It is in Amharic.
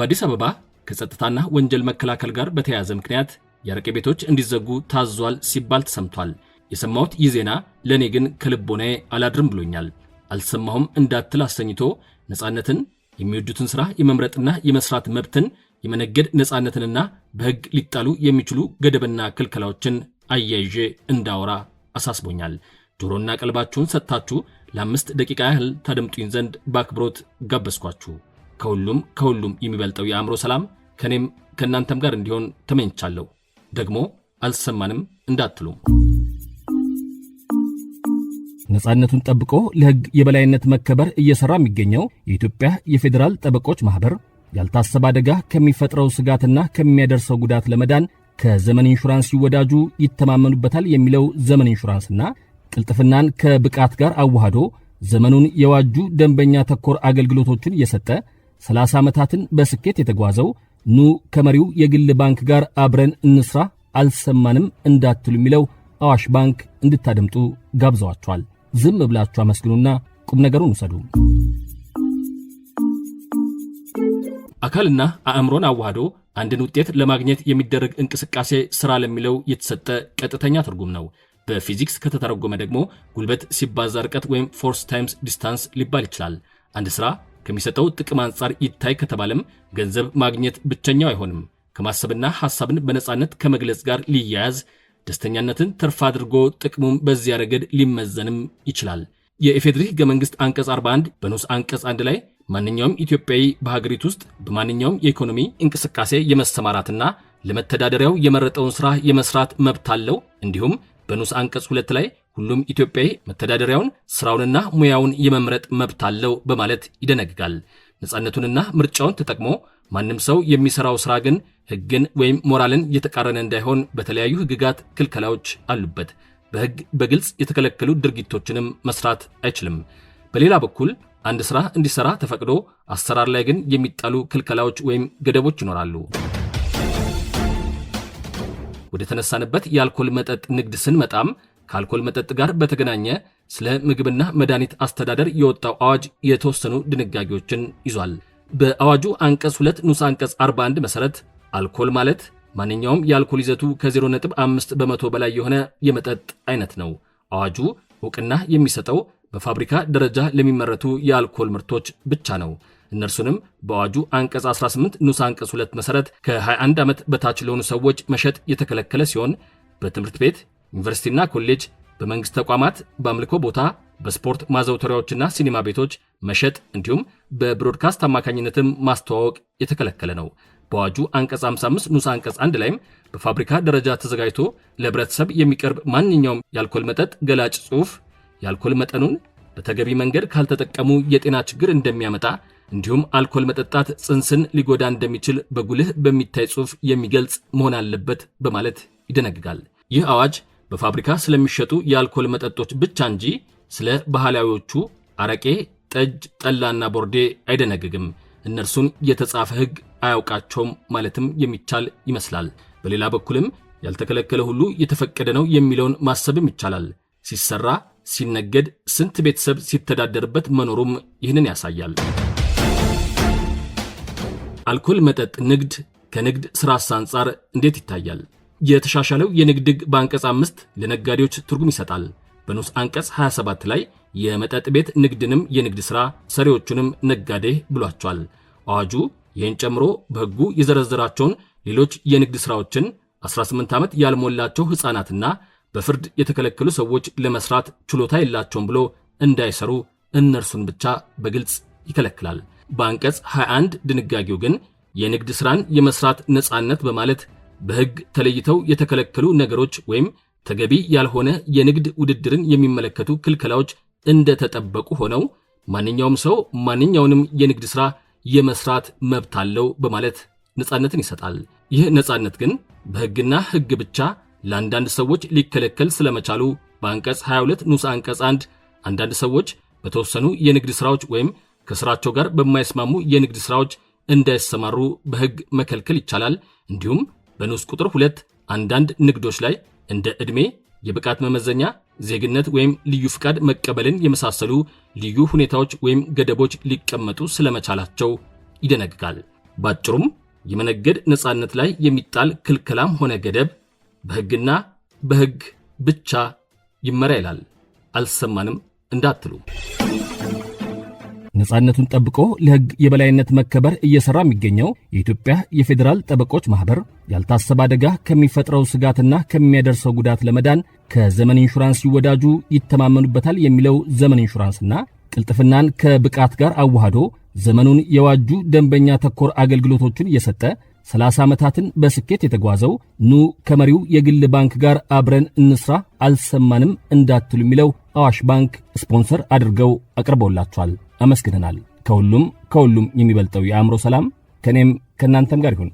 በአዲስ አበባ ከጸጥታና ወንጀል መከላከል ጋር በተያያዘ ምክንያት የአረቄ ቤቶች እንዲዘጉ ታዟል ሲባል ተሰምቷል። የሰማሁት ይህ ዜና ለእኔ ግን ከልቦናዬ አላድርም ብሎኛል። አልሰማሁም እንዳትል አሰኝቶ ነፃነትን፣ የሚወዱትን ሥራ የመምረጥና የመስራት መብትን፣ የመነገድ ነፃነትንና በሕግ ሊጣሉ የሚችሉ ገደብና ክልከላዎችን አያይዤ እንዳወራ አሳስቦኛል። ጆሮና ቀልባችሁን ሰጥታችሁ ለአምስት ደቂቃ ያህል ታደምጡኝ ዘንድ በአክብሮት ጋበዝኳችሁ። ከሁሉም ከሁሉም የሚበልጠው የአእምሮ ሰላም ከእኔም ከእናንተም ጋር እንዲሆን ተመኝቻለሁ። ደግሞ አልሰማንም እንዳትሉም ነፃነቱን ጠብቆ ለሕግ የበላይነት መከበር እየሠራ የሚገኘው የኢትዮጵያ የፌዴራል ጠበቆች ማኅበር ያልታሰበ አደጋ ከሚፈጥረው ስጋትና ከሚያደርሰው ጉዳት ለመዳን ከዘመን ኢንሹራንስ ይወዳጁ፣ ይተማመኑበታል የሚለው ዘመን ኢንሹራንስና ቅልጥፍናን ከብቃት ጋር አዋህዶ ዘመኑን የዋጁ ደንበኛ ተኮር አገልግሎቶችን እየሰጠ ሰላሳ ዓመታትን በስኬት የተጓዘው ኑ ከመሪው የግል ባንክ ጋር አብረን እንስራ አልሰማንም እንዳትሉ የሚለው አዋሽ ባንክ እንድታደምጡ ጋብዘዋቸዋል። ዝም ብላችሁ አመስግኑና ቁም ነገሩን ውሰዱ። አካልና አእምሮን አዋህዶ አንድን ውጤት ለማግኘት የሚደረግ እንቅስቃሴ ስራ ለሚለው የተሰጠ ቀጥተኛ ትርጉም ነው። በፊዚክስ ከተተረጎመ ደግሞ ጉልበት ሲባዛ ርቀት ወይም ፎርስ ታይምስ ዲስታንስ ሊባል ይችላል። አንድ ስራ ከሚሰጠው ጥቅም አንጻር ይታይ ከተባለም ገንዘብ ማግኘት ብቸኛው አይሆንም። ከማሰብና ሐሳብን በነፃነት ከመግለጽ ጋር ሊያያዝ፣ ደስተኛነትን ትርፍ አድርጎ ጥቅሙም በዚያ ረገድ ሊመዘንም ይችላል። የኢፌዴሪ ሕገ መንግሥት አንቀጽ 41 በንዑስ አንቀጽ አንድ ላይ ማንኛውም ኢትዮጵያዊ በሀገሪቱ ውስጥ በማንኛውም የኢኮኖሚ እንቅስቃሴ የመሰማራትና ለመተዳደሪያው የመረጠውን ሥራ የመስራት መብት አለው። እንዲሁም በንዑስ አንቀጽ 2 ላይ ሁሉም ኢትዮጵያዊ መተዳደሪያውን ስራውንና ሙያውን የመምረጥ መብት አለው በማለት ይደነግጋል። ነፃነቱንና ምርጫውን ተጠቅሞ ማንም ሰው የሚሰራው ስራ ግን ህግን ወይም ሞራልን እየተቃረነ እንዳይሆን በተለያዩ ህግጋት ክልከላዎች አሉበት። በህግ በግልጽ የተከለከሉ ድርጊቶችንም መስራት አይችልም። በሌላ በኩል አንድ ስራ እንዲሰራ ተፈቅዶ አሰራር ላይ ግን የሚጣሉ ክልከላዎች ወይም ገደቦች ይኖራሉ። ወደ ተነሳንበት የአልኮል መጠጥ ንግድ ስንመጣም ከአልኮል መጠጥ ጋር በተገናኘ ስለ ምግብና መድኃኒት አስተዳደር የወጣው አዋጅ የተወሰኑ ድንጋጌዎችን ይዟል። በአዋጁ አንቀጽ 2 ንዑስ አንቀጽ 41 መሠረት አልኮል ማለት ማንኛውም የአልኮል ይዘቱ ከ0.5 በመቶ በላይ የሆነ የመጠጥ አይነት ነው። አዋጁ እውቅና የሚሰጠው በፋብሪካ ደረጃ ለሚመረቱ የአልኮል ምርቶች ብቻ ነው። እነርሱንም በአዋጁ አንቀጽ 18 ንዑስ አንቀጽ 2 መሠረት ከ21 ዓመት በታች ለሆኑ ሰዎች መሸጥ የተከለከለ ሲሆን በትምህርት ቤት ዩኒቨርሲቲና ኮሌጅ፣ በመንግሥት ተቋማት፣ በአምልኮ ቦታ፣ በስፖርት ማዘውተሪያዎችና ሲኒማ ቤቶች መሸጥ እንዲሁም በብሮድካስት አማካኝነትም ማስተዋወቅ የተከለከለ ነው። በአዋጁ አንቀጽ 55 ንዑስ አንቀጽ 1 ላይም በፋብሪካ ደረጃ ተዘጋጅቶ ለህብረተሰብ የሚቀርብ ማንኛውም የአልኮል መጠጥ ገላጭ ጽሑፍ የአልኮል መጠኑን በተገቢ መንገድ ካልተጠቀሙ የጤና ችግር እንደሚያመጣ እንዲሁም አልኮል መጠጣት ጽንስን ሊጎዳ እንደሚችል በጉልህ በሚታይ ጽሑፍ የሚገልጽ መሆን አለበት በማለት ይደነግጋል። ይህ አዋጅ በፋብሪካ ስለሚሸጡ የአልኮል መጠጦች ብቻ እንጂ ስለ ባህላዊዎቹ አረቄ፣ ጠጅ፣ ጠላና ቦርዴ አይደነግግም። እነርሱን የተጻፈ ሕግ አያውቃቸውም ማለትም የሚቻል ይመስላል። በሌላ በኩልም ያልተከለከለ ሁሉ የተፈቀደ ነው የሚለውን ማሰብም ይቻላል። ሲሰራ ሲነገድ ስንት ቤተሰብ ሲተዳደርበት መኖሩም ይህንን ያሳያል። አልኮል መጠጥ ንግድ ከንግድ ስራስ አንጻር እንዴት ይታያል? የተሻሻለው የንግድ ሕግ በአንቀጽ አምስት ለነጋዴዎች ትርጉም ይሰጣል። በንዑስ አንቀጽ 27 ላይ የመጠጥ ቤት ንግድንም የንግድ ሥራ ሰሪዎቹንም ነጋዴ ብሏቸዋል። አዋጁ ይህን ጨምሮ በሕጉ የዘረዘራቸውን ሌሎች የንግድ ሥራዎችን 18 ዓመት ያልሞላቸው ሕፃናትና በፍርድ የተከለከሉ ሰዎች ለመስራት ችሎታ የላቸውም ብሎ እንዳይሰሩ እነርሱን ብቻ በግልጽ ይከለክላል። በአንቀጽ 21 ድንጋጌው ግን የንግድ ሥራን የመስራት ነፃነት በማለት በሕግ ተለይተው የተከለከሉ ነገሮች ወይም ተገቢ ያልሆነ የንግድ ውድድርን የሚመለከቱ ክልከላዎች እንደተጠበቁ ሆነው ማንኛውም ሰው ማንኛውንም የንግድ ሥራ የመስራት መብት አለው በማለት ነፃነትን ይሰጣል። ይህ ነፃነት ግን በሕግና ሕግ ብቻ ለአንዳንድ ሰዎች ሊከለከል ስለመቻሉ በአንቀጽ 22 ንዑስ አንቀጽ 1 አንዳንድ ሰዎች በተወሰኑ የንግድ ሥራዎች ወይም ከሥራቸው ጋር በማይስማሙ የንግድ ሥራዎች እንዳይሰማሩ በሕግ መከልከል ይቻላል እንዲሁም በንዑስ ቁጥር ሁለት አንዳንድ ንግዶች ላይ እንደ ዕድሜ፣ የብቃት መመዘኛ፣ ዜግነት ወይም ልዩ ፍቃድ መቀበልን የመሳሰሉ ልዩ ሁኔታዎች ወይም ገደቦች ሊቀመጡ ስለመቻላቸው ይደነግጋል። ባጭሩም የመነገድ ነፃነት ላይ የሚጣል ክልከላም ሆነ ገደብ በሕግና በሕግ ብቻ ይመራ ይላል። አልሰማንም እንዳትሉ ነጻነቱን ጠብቆ ለሕግ የበላይነት መከበር እየሰራ የሚገኘው የኢትዮጵያ የፌዴራል ጠበቆች ማህበር ያልታሰበ አደጋ ከሚፈጥረው ስጋትና ከሚያደርሰው ጉዳት ለመዳን ከዘመን ኢንሹራንስ ሲወዳጁ ይተማመኑበታል የሚለው ዘመን ኢንሹራንስና ቅልጥፍናን ከብቃት ጋር አዋህዶ ዘመኑን የዋጁ ደንበኛ ተኮር አገልግሎቶችን እየሰጠ 30 ዓመታትን በስኬት የተጓዘው ኑ ከመሪው የግል ባንክ ጋር አብረን እንስራ አልሰማንም እንዳትሉ የሚለው አዋሽ ባንክ ስፖንሰር አድርገው አቅርበውላችኋል። አመስግነናል። ከሁሉም ከሁሉም የሚበልጠው የአእምሮ ሰላም ከእኔም ከእናንተም ጋር ይሁን።